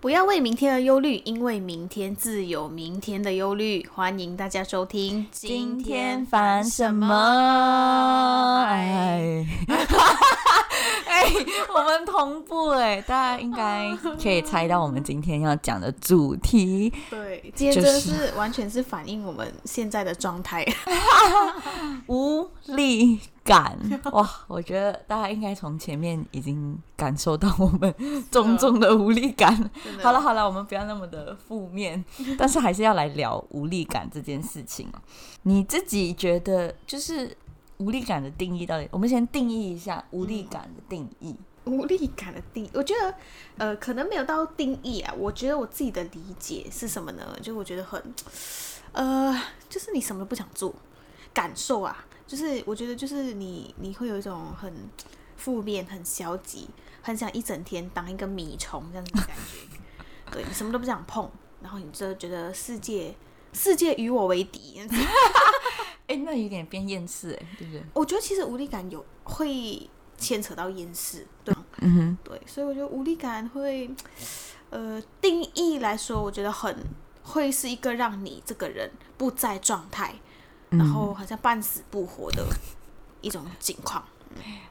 不要為明天而憂慮，因為明天自有明天的憂慮。歡迎大家收聽，今天煩什麼？唉唉 我們同步哎、欸，大家應該可以猜到我們今天要講的主題。對，接着是完全是反映我們現在的狀態， 無力感。哇，我覺得大家應該從前面已經感受到我們重重的無力感。好了好了，我們不要那麼的負面，但是還是要來聊無力感這件事情。你自己覺得就是？無力感的定義到底？我們先定義一下無力感的定義。嗯，無力感的定義。我覺得呃，可能沒有到定義啊。我覺得我自己的理解是什麼呢？就我覺得很，呃，就是你什麼都不想做，感受啊，就是我覺得就是你你會有一種很負面、很消極，很想一整天當一個米蟲這樣子的感覺。 對，你什麼都不想碰，然後你就覺得世界世界與我為敵。 哎、欸，那有點變厭世，哎，對不對？我覺得其實無力感有會牽扯到厭世，對，嗯哼，對，所以我覺得無力感會，呃，定義來說，我覺得很會是一個讓你這個人不在狀態，嗯、哼然後好像半死不活的一種情況。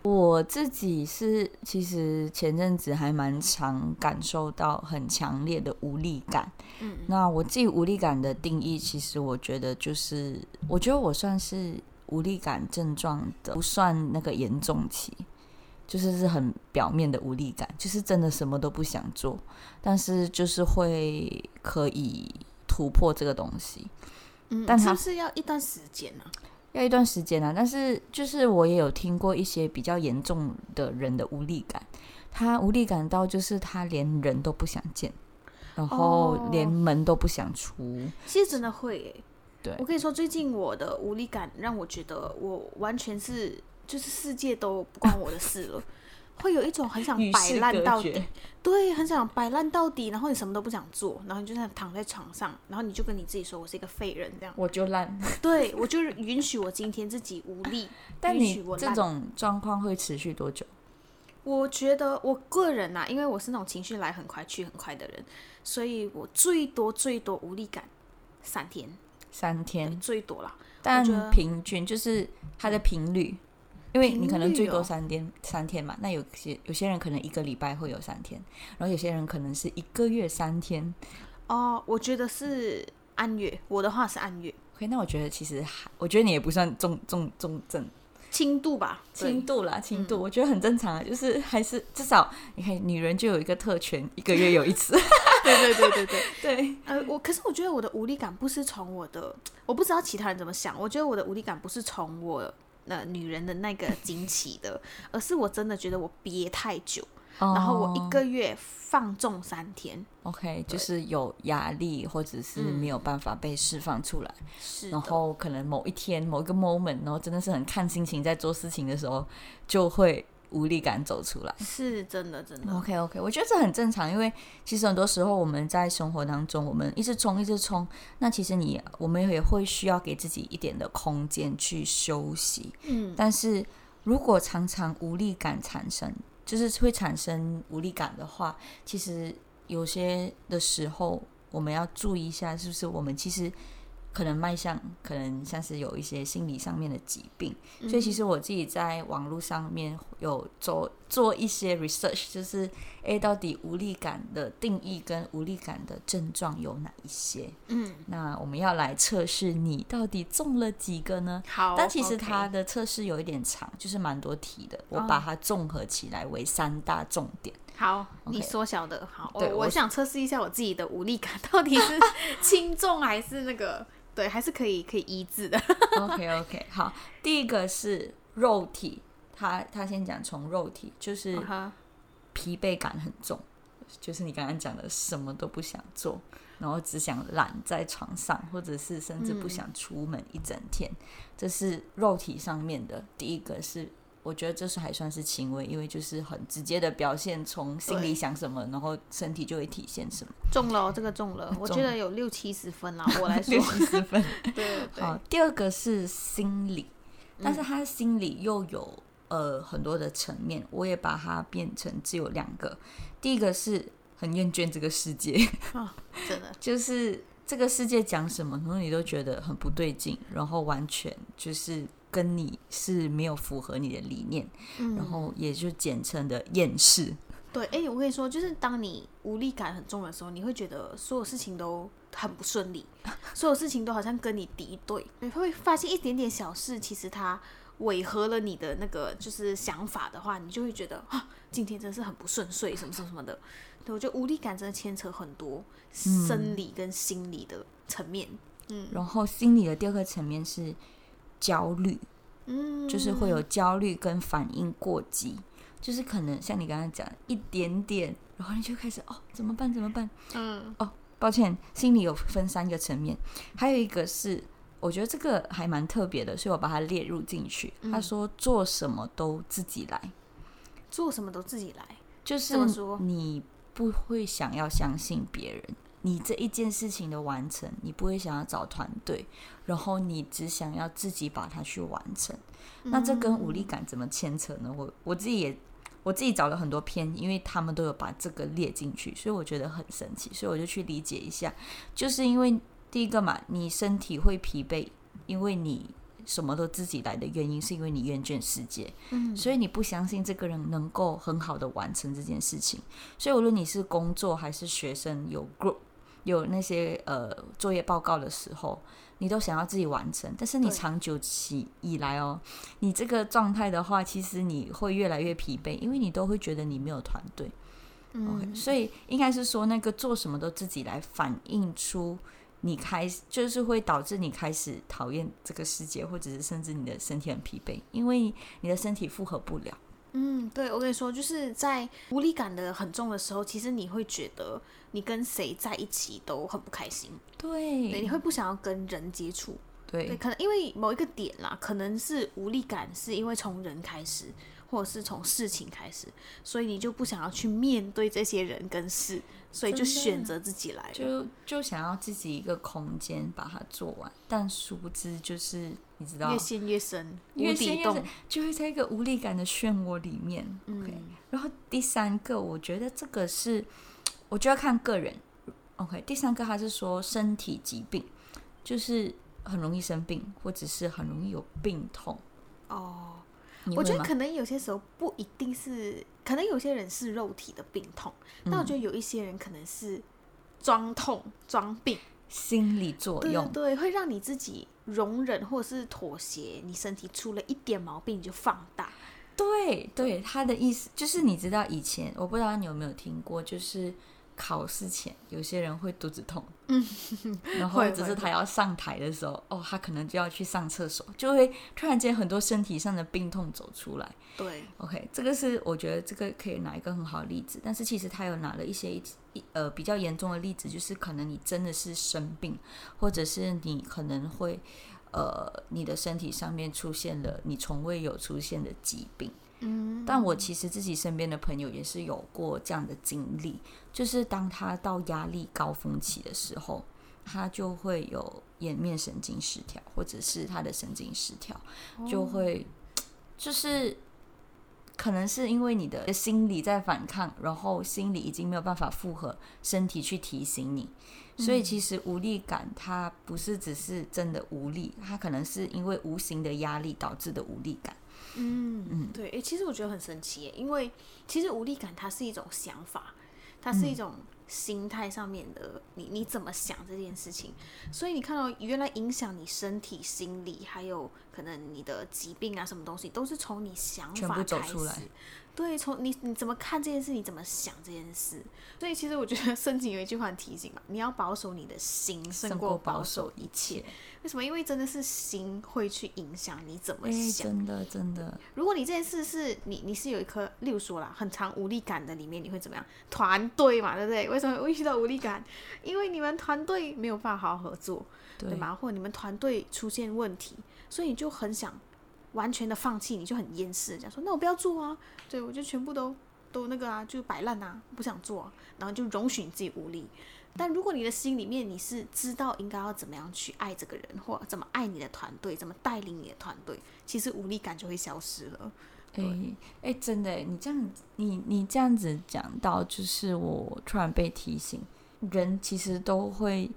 我自己是，其實前陣子還蠻常感受到很強烈的無力感。嗯，那我自己無力感的定義，其實我覺得就是，我覺得我算是無力感症狀的不算那個嚴重期，就是是很表面的無力感，就是真的什麼都不想做，但是就是會可以突破這個東西。嗯，但是它是要一段時間呢，啊？要一段時間啦、啊，但是就是我也有聽過一些比較嚴重的人的無力感，他無力感到就是他連人都不想見，然後連門都不想出，oh, 其實真的會耶，對，我可以說最近我的無力感讓我覺得我完全是就是世界都不關我的事了。 會有一種很想擺爛到底，對，很想擺爛到底，然後你什麼都不想做，然後你就躺在床上，然後你就跟你自己說：“我是一個廢人，這樣我就爛。”對，我就是允許我今天自己無力。但你我這種狀況會持續多久？我覺得我個人啊，因為我是那種情緒來很快去很快的人，所以我最多最多無力感三天，三天最多啦。但平均就是它的頻率。因為你可能最多三天，哦、三天嘛。那有些有些人可能一個禮拜會有三天，然後有些人可能是一個月三天。哦，我覺得是按月，我的話是按月。OK，那我覺得其實，我覺得你也不算重重重症，輕度吧，輕度啦，輕度，嗯、我覺得很正常啊，就是還是至少你看，女人就有一個特權，一個月有一次。 對對對對對對。 對呃，我可是我覺得我的無力感不是從我的，我不知道其他人怎麼想，我覺得我的無力感不是從我的。呃、女人的那個驚奇的，而是我真的覺得我憋太久，哦、然後我一個月放縱三天，OK，對就是有壓力或者是沒有辦法被釋放出來，嗯、是，然後可能某一天某一個 moment，然後真的是很看心情在做事情的時候就會。無力感走出來是真的，真的。OK，OK，okay, okay. 我覺得這很正常，因為其實很多時候我們在生活當中，我們一直衝，一直衝，那其實你我們也會需要給自己一點的空間去休息。嗯，但是如果常常無力感產生，就是會產生無力感的話，其實有些的時候我們要注意一下，是不是我們其實。可能邁向，可能像是有一些心理上面的疾病，嗯、所以其實我自己在網絡上面有做做一些 research，就是 A 到底無力感的定義跟無力感的症狀有哪一些？嗯，那我們要來測試你到底中了幾個呢？好，但其實它的測試有一點長，Okay 就是蠻多題的，我把它綜合起來為三大重點。哦。好，你縮小的好，我對、哦、我想測試一下我自己的無力感到底是輕重還是那個 對，還是可以可以醫治的。 OK OK，好，第一個是肉體，他他先講從肉體，就是疲憊感很重，就是你剛剛講的什麼都不想做，然後只想懶在床上，或者是甚至不想出門一整天，嗯、這是肉體上面的第一個是。我覺得這是還算是輕微，因為就是很直接的表現，從心裡想什麼，對然後身體就會體現什麼。中了，這個中了，嗯、我覺得有六七十分了。我來說， 七十分。 對，對。好，第二個是心理，但是他心理又有呃很多的層面，嗯、我也把它變成只有兩個。第一個是很厭倦這個世界，哦、真的， 就是這個世界講什麼，可能你都覺得很不對勁，然後完全就是。跟你是沒有符合你的理念，嗯、然後也就簡稱的厭世。對，哎，我跟你說，就是當你無力感很重的時候，你會覺得所有事情都很不順利，所有事情都好像跟你敵對。你 會發現一點點小事，其實它違和了你的那個就是想法的話，你就會覺得啊，今天真是很不順遂，什麼什麼什麼的。對，我覺得無力感真的牽扯很多生理跟心理的層面。嗯，嗯，然後心理的第二個層面是。焦慮，嗯，就是會有焦慮跟反應過激，嗯、就是可能像你剛剛講一點點，然後你就開始哦，怎麼辦？怎麼辦？嗯，哦，抱歉，心裡有分三個層面，還有一個是，我覺得這個還蠻特別的，所以我把它列入進去。他說做什麼都自己來，做什麼都自己來，就是你不會想要相信別人。你這一件事情的完成，你不會想要找團隊，然後你只想要自己把它去完成。那這跟無力感怎麼牽扯呢？我我自己也我自己找了很多篇，因為他們都有把這個列進去，所以我覺得很神奇。所以我就去理解一下，就是因為第一個嘛，你身體會疲憊，因為你什麼都自己來的原因，是因為你厭倦世界，所以你不相信這個人能夠很好的完成這件事情。所以無論你是工作還是學生，有 group。有那些呃作業報告的時候，你都想要自己完成，但是你長久起以來哦，對你這個狀態的話，其實你會越來越疲憊，因為你都會覺得你沒有團隊。Okay, 嗯，所以應該是說那個做什麼都自己來，反映出你開始就是會導致你開始討厭這個世界，或者是甚至你的身體很疲憊，因為你的身體負荷不了。嗯，對，我跟你說，就是在無力感的很重的時候，其實你會覺得你跟誰在一起都很不開心，對，對，你會不想要跟人接觸，對，對，可能因為某一個點啦，可能是無力感是因為從人開始，或者是從事情開始，所以你就不想要去面對這些人跟事。所以就選擇自己來了，就就想要自己一個空間把它做完，但殊不知就是你知道，越陷越深，越陷越深，就會在一個無力感的漩渦裡面。嗯、OK，然後第三個，我覺得這個是，我就要看個人。OK，第三個他是說身體疾病，就是很容易生病，或者是很容易有病痛。哦。我覺得可能有些時候不一定是，可能有些人是肉體的病痛，嗯，但我覺得有一些人可能是裝痛裝病，心理作用，對，對，會讓你自己容忍或者是妥協，你身體出了一點毛病，你就放大。對對，他的意思就是，你知道以前我不知道你有沒有聽過，就是。考試前，有些人會肚子痛，嗯，然後只是他要上台的時候，會會會哦，他可能就要去上廁所，就會突然間很多身體上的病痛走出來。對，OK，這個是我覺得這個可以拿一個很好的例子，但是其實他有拿了一些一、呃、比較嚴重的例子，就是可能你真的是生病，或者是你可能會呃，你的身體上面出現了你從未有出現的疾病。但我其實自己身邊的朋友也是有過這樣的經歷，就是當他到壓力高峰期的時候，他就會有顏面神經失調，或者是他的神經失調，就會就是可能是因為你的心理在反抗，然後心理已經沒有辦法負荷身體去提醒你，所以其實無力感它不是只是真的無力，它可能是因為無形的壓力導致的無力感。嗯對，誒、欸，其實我覺得很神奇耶，因為其實無力感它是一種想法，它是一種心態上面的你，你你怎麼想這件事情，所以你看到、喔、原來影響你身體、心理，還有可能你的疾病啊什麼東西，都是從你想法開始。所以從你你怎麼看這件事，你怎麼想這件事？所以其實我覺得，聖經有一句話很提醒嘛，你要保守你的心勝過保守一切。為什麼？因為真的是心會去影響你怎麼想。真的、欸、真的。真的如果你這件事是你你是有一顆，例如說啦，很常無力感的裡面，你會怎麼樣？團隊嘛，對不對？為什麼會遇到無力感？因為你們團隊沒有辦法好好合作，對嗎？或者你們團隊出現問題，所以你就很想。完全的放棄，你就很厭世，這樣說，那我不要做啊，對我就全部都都那個啊，就擺爛啊。不想做，然後就容許你自己無力。但如果你的心裡面，你是知道應該要怎麼樣去愛這個人，或者怎麼愛你的團隊，怎麼帶領你的團隊，其實無力感就會消失了。哎誒、欸欸，真的，你這樣你你這樣子講到，就是我突然被提醒，人其實都會。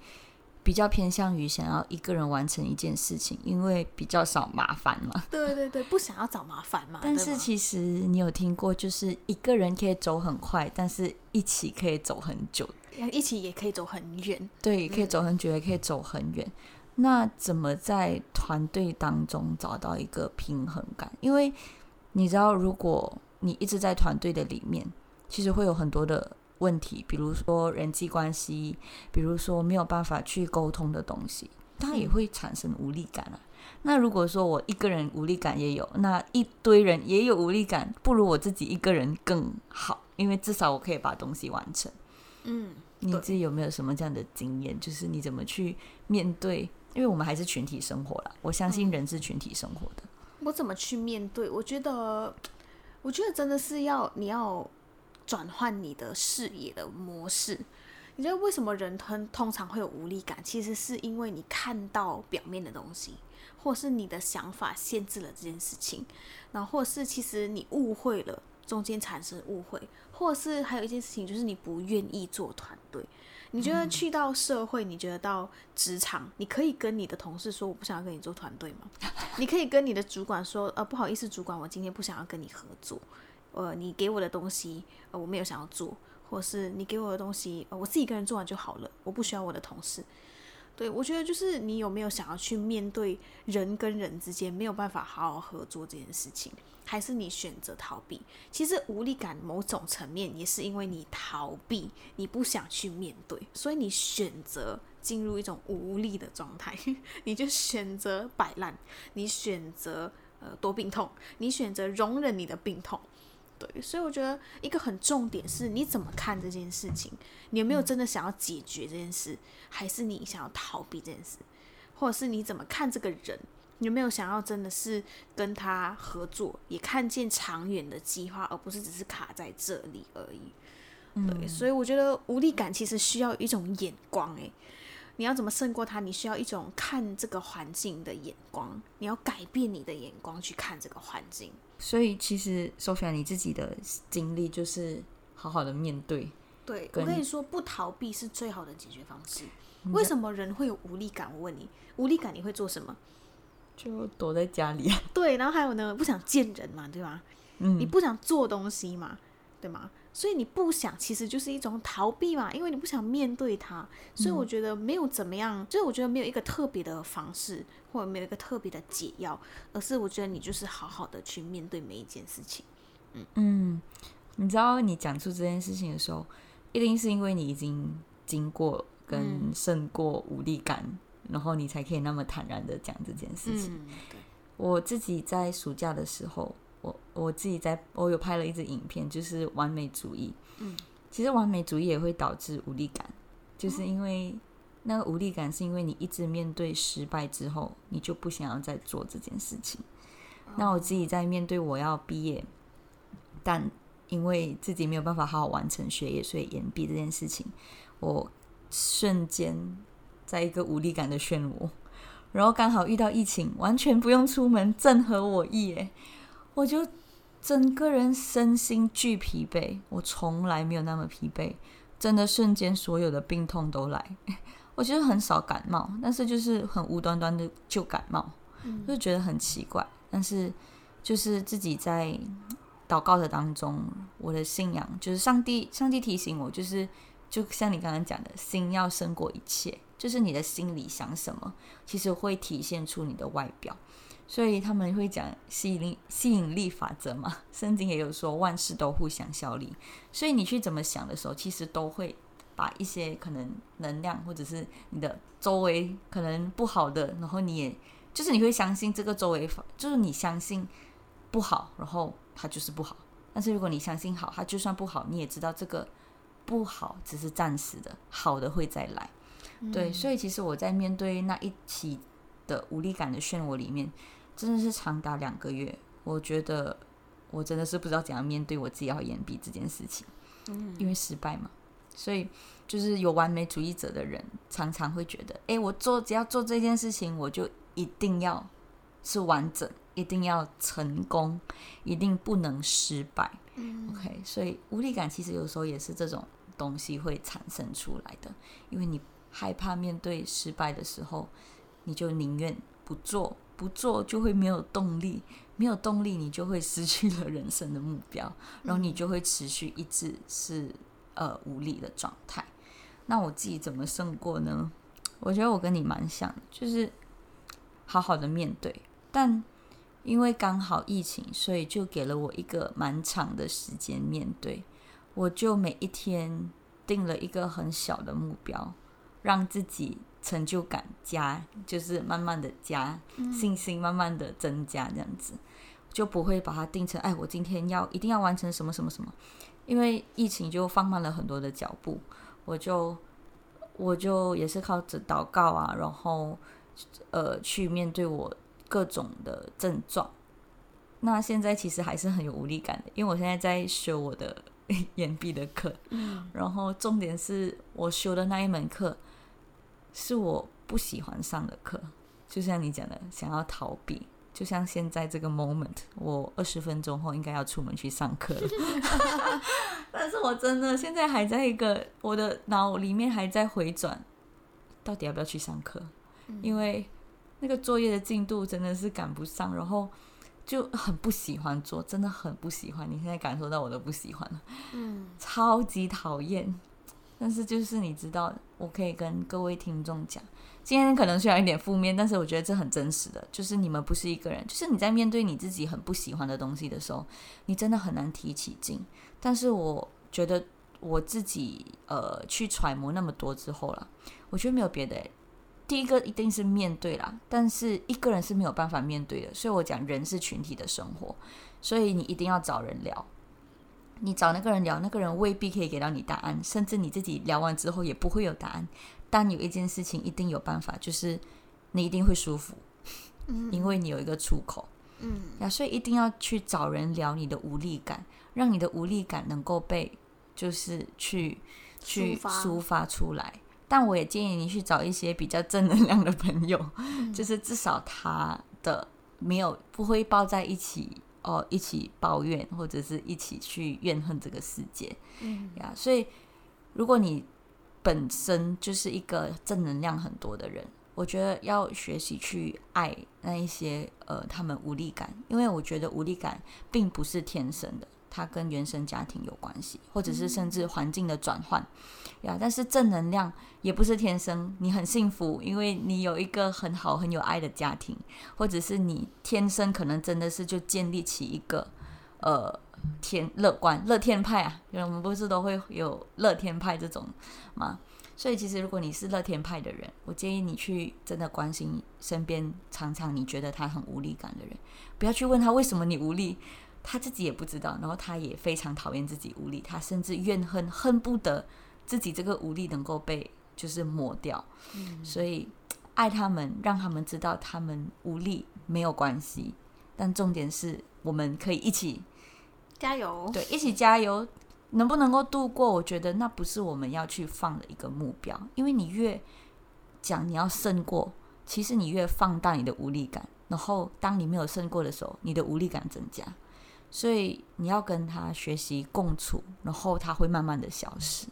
比較偏向於想要一個人完成一件事情，因為比較少麻煩嘛。對對對，不想要找麻煩嘛。但是其實你有聽過，就是一個人可以走很快，但是一起可以走很久，一起也可以走很遠。對，可以走很久，也可以走很遠。嗯。那怎麼在團隊當中找到一個平衡感？因為你知道，如果你一直在團隊的裡面，其實會有很多的。問題，比如說人際關係，比如說沒有辦法去溝通的東西，它也會產生無力感啊。那如果說我一個人無力感也有，那一堆人也有無力感，不如我自己一個人更好，因為至少我可以把東西完成。嗯，你自己有沒有什麼這樣的經驗？就是你怎麼去面對？因為我們還是群體生活啦，我相信人是群體生活的。嗯。我怎麼去面對？我覺得，我覺得真的是要你要。轉換你的視野的模式。你覺得為什麼人通通常會有無力感？其實是因為你看到表面的東西，或是你的想法限制了這件事情，然後或是其實你誤會了，中間產生誤會，或者是還有一件事情就是你不願意做團隊。你覺得去到社會，嗯、你覺得到職場，你可以跟你的同事說我不想要跟你做團隊嗎？ 你可以跟你的主管說呃，不好意思，主管，我今天不想要跟你合作。呃，你給我的東西，呃，我沒有想要做，或是你給我的東西，呃，我自己一個人做完就好了，我不需要我的同事。對我覺得就是你有沒有想要去面對人跟人之間沒有辦法好好合作這件事情，還是你選擇逃避？其實無力感某種層面也是因為你逃避，你不想去面對，所以你選擇進入一種無力的狀態，你就選擇擺爛，你選擇呃多病痛，你選擇容忍你的病痛。所以我覺得一個很重點是你怎麼看這件事情，你有沒有真的想要解決這件事，嗯、還是你想要逃避這件事，或者是你怎麼看這個人，有沒有想要真的是跟他合作，也看見長遠的計劃，而不是只是卡在這裡而已。嗯、對，所以我覺得無力感其實需要一種眼光誒、欸。你要怎麼勝過他？你需要一種看這個環境的眼光，你要改變你的眼光去看這個環境。所以其實 Sophia，你自己的經歷就是好好的面對。對，跟你，我跟你說，不逃避是最好的解決方式。為什麼人會有無力感？我問你，無力感你會做什麼？就躲在家裡啊。對，然後還有呢，不想見人嘛，對嗎？嗯。你不想做東西嘛，對嗎？所以你不想，其實就是一種逃避嘛，因為你不想面對它。所以我覺得沒有怎麼樣，嗯、就是我覺得沒有一個特別的方式，或者沒有一個特別的解藥，而是我覺得你就是好好的去面對每一件事情。嗯，嗯，你知道你講出這件事情的時候，一定是因為你已經經過跟勝過無力感，嗯、然後你才可以那麼坦然的講這件事情。嗯、對我自己在暑假的時候。我我自己在，我有拍了一支影片，就是完美主義。嗯，其實完美主義也會導致無力感，就是因為那個無力感，是因為你一直面對失敗之後，你就不想要再做這件事情。那我自己在面對我要畢業，但因為自己沒有辦法好好完成學業，所以延畢這件事情，我瞬間在一個無力感的漩渦，然後剛好遇到疫情，完全不用出門，正合我意哎。我就整個人身心俱疲憊，我從來沒有那麼疲憊，真的瞬間所有的病痛都來。我其實很少感冒，但是就是很無端端的就感冒，就覺得很奇怪。但是就是自己在禱告的當中，我的信仰就是上帝，上帝提醒我，就是就像你剛剛講的，心要勝過一切，就是你的心裡想什麼，其實會體現出你的外表。所以他們會講吸引力吸引力法則嘛，聖經也有說，萬事都互相效力。所以你去怎麼想的時候，其實都會把一些可能能量，或者是你的周圍可能不好的，然後你也就是你會相信這個周圍，就是你相信不好，然後它就是不好。但是如果你相信好，它就算不好，你也知道這個不好只是暫時的，好的會再來。對，嗯。所以其實我在面對那一期的無力感的漩渦裡面，真的是長達兩個月。我覺得我真的是不知道怎樣面對我自己要延畢這件事情，嗯、因為失敗嘛。所以，就是有完美主義者的人，常常會覺得：哎、欸，我做只要做這件事情，我就一定要是完整，一定要成功，一定不能失敗。嗯、OK，所以無力感其實有時候也是這種東西會產生出來的，因為你害怕面對失敗的時候。你就寧願不做，不做就會沒有動力，沒有動力你就會失去了人生的目標，然後你就會持續一直是呃無力的狀態。那我自己怎麼勝過呢？我覺得我跟你蠻像，就是好好的面對，但因為剛好疫情，所以就給了我一個蠻長的時間面對，我就每一天定了一個很小的目標。讓自己成就感加，就是慢慢的加信心，慢慢的增加這樣子，嗯、就不會把它定成，哎，我今天要一定要完成什麼什麼什麼，因為疫情就放慢了很多的腳步，我就我就也是靠着禱告啊，然後呃去面對我各種的症狀。那現在其實還是很有無力感的，因為我現在在修我的延畢的課，然後重點是我修的那一門課。是我不喜歡上的課，就像你講的，想要逃避。就像現在這個 moment，我二十分鐘後應該要出門去上課了， 但是我真的現在還在一個我的腦裡面還在回轉，到底要不要去上課？因為那個作業的進度真的是趕不上，然後就很不喜歡做，真的很不喜歡。你現在感受到我的不喜歡了，嗯，超級討厭。但是就是你知道，我可以跟各位聽眾講，今天可能雖然有點負面，但是我覺得這很真實的就是你們不是一個人，就是你在面對你自己很不喜歡的東西的時候，你真的很難提起勁。但是我覺得我自己呃去揣摩那麼多之後啦，我覺得沒有別的，第一個一定是面對啦，但是一個人是沒有辦法面對的，所以我講人是群體的生活，所以你一定要找人聊。你找那個人聊，那個人未必可以給到你答案，甚至你自己聊完之後也不會有答案。但有一件事情一定有辦法，就是你一定會舒服，嗯，因為你有一個出口。嗯。啊，所以一定要去找人聊你的無力感，讓你的無力感能夠被就是去去抒發出來。但我也建議你去找一些比較正能量的朋友，嗯，就是至少他的沒有不會抱在一起，哦，oh, 一起抱怨或者是一起去怨恨這個世界，嗯呀，yeah, 所以如果你本身就是一個正能量很多的人，我覺得要學習去愛那一些呃他們無力感，因為我覺得無力感並不是天生的。它跟原生家庭有關係，或者是甚至環境的轉換，呀。但是正能量也不是天生。你很幸福，因為你有一個很好、很有愛的家庭，或者是你天生可能真的是就建立起一個，呃，天樂觀樂天派啊。因為我們不是都會有樂天派這種嘛，所以其實如果你是樂天派的人，我建議你去真的關心身邊常常你覺得他很無力感的人，不要去問他為什麼你無力。他自己也不知道，然後他也非常討厭自己無力，他甚至怨恨，恨不得自己這個無力能夠被就是抹掉。嗯、所以愛他們，讓他們知道他們無力沒有關係。但重點是，我們可以一起加油，對，一起加油。能不能夠度過？我覺得那不是我們要去放的一個目標，因為你越講你要勝過，其實你越放大你的無力感，然後當你沒有勝過的時候，你的無力感增加。所以你要跟他學習共處，然後他會慢慢的消失。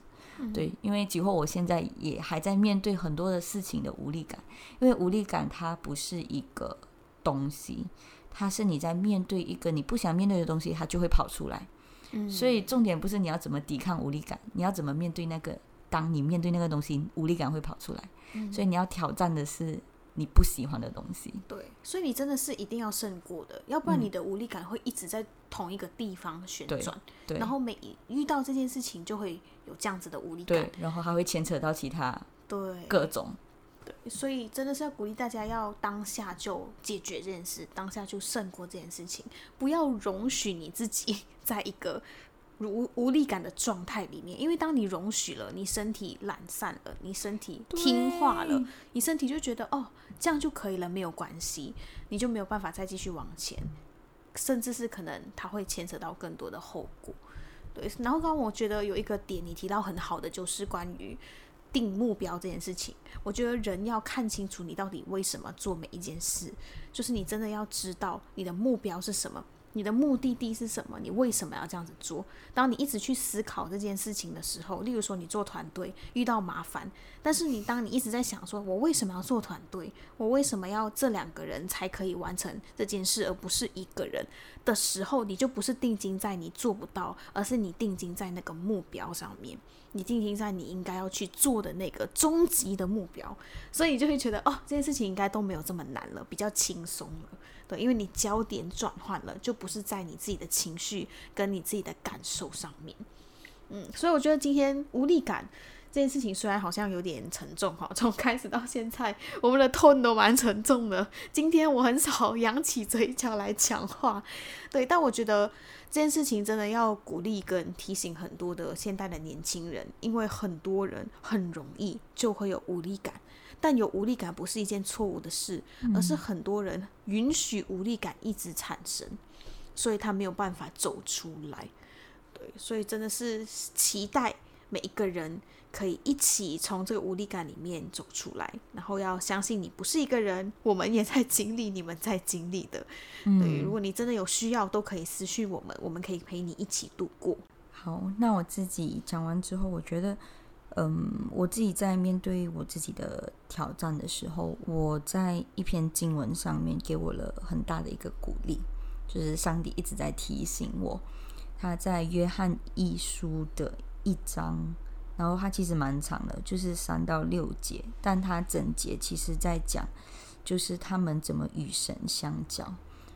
對，因為幾乎我現在也還在面對很多的事情的無力感，因為無力感它不是一個東西，它是你在面對一個你不想面對的東西，它就會跑出來。所以重點不是你要怎麼抵抗無力感，你要怎麼面對那個，當你面對那個東西，無力感會跑出來。所以你要挑戰的是。你不喜歡的東西，對，所以你真的是一定要勝過的，要不然你的無力感會一直在同一個地方旋轉，嗯、對對，然後每遇到這件事情就會有這樣子的無力感，對，然後還會牽扯到其他對各種對，對，所以真的是要鼓勵大家，要當下就解決這件事，當下就勝過這件事情，不要容許你自己在一個無無力感的狀態裡面，因為當你容許了，你身體懶散了，你身體聽話了，對你身體就覺得哦。這樣就可以了，沒有關係，你就沒有辦法再繼續往前，甚至是可能它會牽扯到更多的後果。對，然後剛剛我覺得有一個點你提到很好的，就是關於定目標這件事情。我覺得人要看清楚你到底為什麼做每一件事，就是你真的要知道你的目標是什麼。你的目的地是什麼？你為什麼要這樣子做？當你一直去思考這件事情的時候，例如說你做團隊遇到麻煩，但是你當你一直在想說，我為什麼要做團隊？我為什麼要這兩個人才可以完成這件事，而不是一個人？的時候，你就不是定睛在你做不到，而是你定睛在那個目標上面，你定睛在你應該要去做的那個終極的目標，所以你就會覺得哦，這件事情應該都沒有這麼難了，比較輕鬆了，對，因為你焦點轉換了，就不是在你自己的情緒跟你自己的感受上面，嗯，所以我覺得今天無力感。這件事情雖然好像有點沉重哈，從開始到現在，我們的 tone 都蠻沉重的。今天我很少揚起嘴角來講話，對，但我覺得這件事情真的要鼓勵跟提醒很多的現代的年輕人，因為很多人很容易就會有無力感，但有無力感不是一件錯誤的事，而是很多人允許無力感一直產生，所以他沒有辦法走出來。對，所以真的是期待每一個人。可以一起從這個無力感裡面走出來，然後要相信你不是一個人，我們也在經歷，你們在經歷的。對，嗯，如果你真的有需要，都可以私訊我們，我們可以陪你一起度過。好，那我自己講完之後，我覺得，嗯，我自己在面對我自己的挑戰的時候，我在一篇經文上面給我了很大的一個鼓勵，就是上帝一直在提醒我，他在約翰一書的一章。然後它其實蠻長的，就是三到六節，但它整節其實在講，就是他們怎麼與神相交，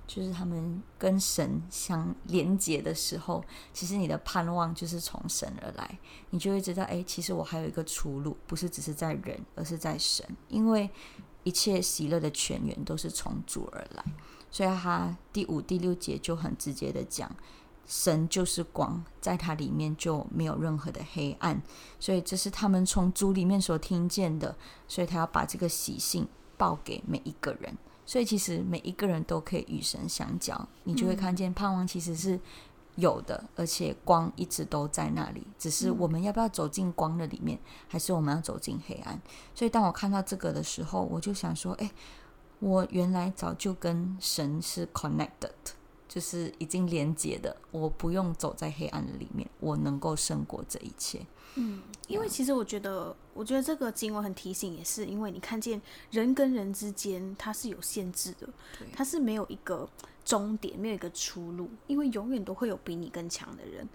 就是他們跟神相連接的時候，其實你的盼望就是從神而來，你就會知道，哎，其實我還有一個出路，不是只是在人，而是在神，因為一切喜樂的泉源都是從主而來，所以它第五、第六節就很直接的講。神就是光，在他裡面就沒有任何的黑暗，所以這是他們從主裡面所聽見的，所以他要把這個喜訊報給每一個人，所以其實每一個人都可以與神相交，你就會看見盼望其實是有的，而且光一直都在那裡，只是我們要不要走進光的裡面，還是我們要走進黑暗？所以當我看到這個的時候，我就想說，誒，我原來早就跟神是 connected。就是已經連結的，我不用走在黑暗的裡面，我能夠勝過這一切。嗯，因為其實我覺得，嗯、我覺得這個經文很提醒，也是因為你看見人跟人之間它是有限制的，對它是沒有一個終點，沒有一個出路，因為永遠都會有比你更強的人，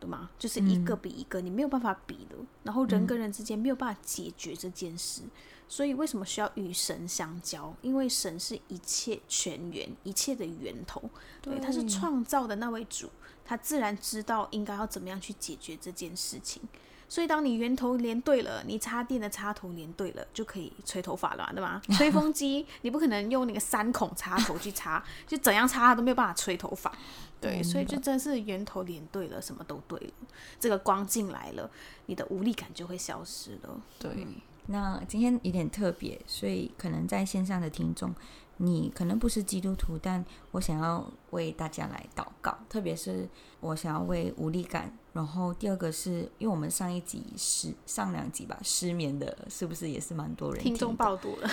對嗎？就是一個比一個，嗯、你沒有辦法比的。然後人跟人之間沒有辦法解決這件事。嗯所以為什麼需要與神相交？因為神是一切泉源，一切的源頭。對，他是創造的那位主，他自然知道應該要怎麼樣去解決這件事情。所以當你源頭連對了，你插電的插頭連對了，就可以吹頭髮了，對嗎？吹風機 你不可能用那個三孔插頭去插，就怎樣插都沒有辦法吹頭髮。 對，所以就真的是源頭連對了，什麼都對了。這個光進來了，你的無力感就會消失了。對。嗯那今天有點特別，所以可能在線上的聽眾，你可能不是基督徒，但我想要為大家來禱告。特別是我想要為無力感，然後第二個是因為我們上一集失上兩集吧，失眠的，是不是也是蠻多人聽，聽眾爆堵了？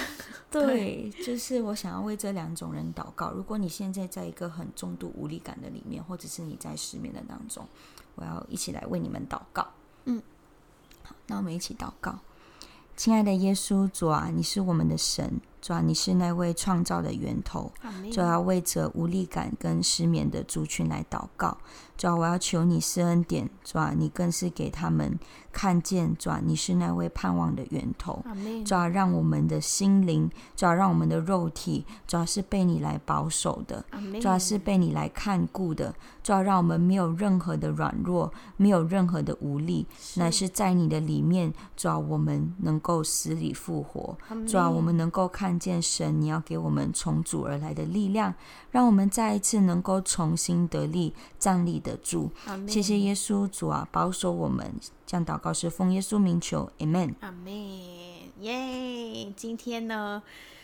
對，對，就是我想要為這兩種人禱告。如果你現在在一個很重度無力感的裡面，或者是你在失眠的當中，我要一起來為你們禱告。嗯，好，那我們一起禱告。親愛的耶穌主啊，你是我們的神。主啊，你是那位創造的源頭，阿們，主啊，為這無力感跟失眠的族群來禱告，主啊，我要求你施恩典，主啊，你更是給他們看見，主啊，你是那位盼望的源頭，阿們，主啊，讓我們的心靈，主啊，讓我們的肉體，主啊，是被你來保守的，阿們，主啊，是被你來看顧的，主啊，讓我們沒有任何的軟弱，沒有任何的無力，是乃是在你的裡面，主啊，我們能夠死裡復活，阿們，主啊，我們能夠看。看見神，你要給我們從主而來的力量，讓我們再一次能夠重新得力，站立得住。Amen 謝謝耶穌主啊，保守我們。這樣禱告是奉耶穌名求，Amen。Amen 耶，yeah, 今天呢，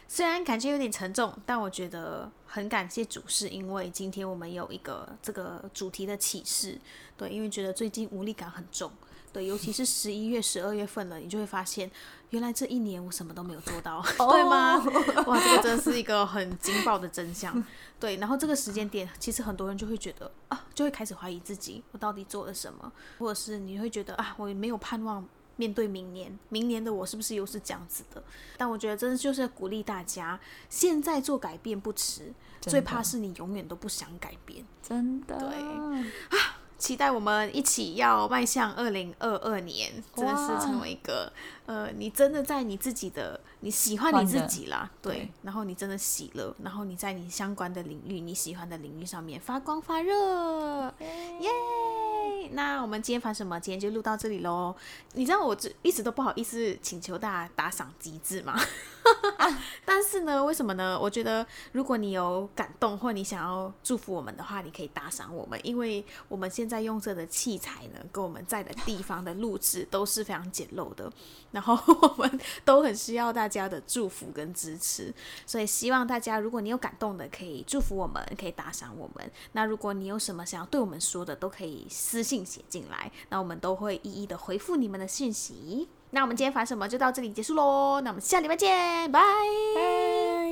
雖然感覺有點沉重，但我覺得很感謝主，是因為今天我們有一個這個主題的啟示。對，因為覺得最近無力感很重。對，尤其是十一月、十二月份了，你就會發現，原來這一年我什麼都沒有做到， 對嗎？Oh. 哇，這個真是一個很驚爆的真相。對，然後這個時間點，其實很多人就會覺得啊，就會開始懷疑自己，我到底做了什麼？或者是你會覺得啊，我也沒有盼望面對明年，明年的我是不是又是這樣子的？但我覺得真的就是要鼓勵大家，現在做改變不遲，真的。最怕是你永遠都不想改變，真的對啊。期待我們一起要邁向二零二二年，真的是成為一個 Wow. 呃，你真的在你自己的你喜歡你自己啦，了對，然後你真的喜樂，然後你在你相關的領域你喜歡的領域上面發光發熱，耶！Okay. yeah! 那我們今天煩什麼？今天就錄到這裡嘍。你知道我這一直都不好意思請求大家打賞機制嗎？ 但是呢，為什麼呢？我覺得如果你有感動或你想要祝福我們的話，你可以打賞我們，因為我們現在用着的器材呢，跟我們在的地方的錄制都是非常簡陋的，然後我們都很需要大家的祝福跟支持，所以希望大家，如果你有感動的，可以祝福我們，可以打賞我們。那如果你有什麼想要對我們說的，都可以私信寫進來，那我們都會一一的回復你們的信息。那我們今天煩什麼就到這裡結束嘍，那我們下禮拜見，拜拜。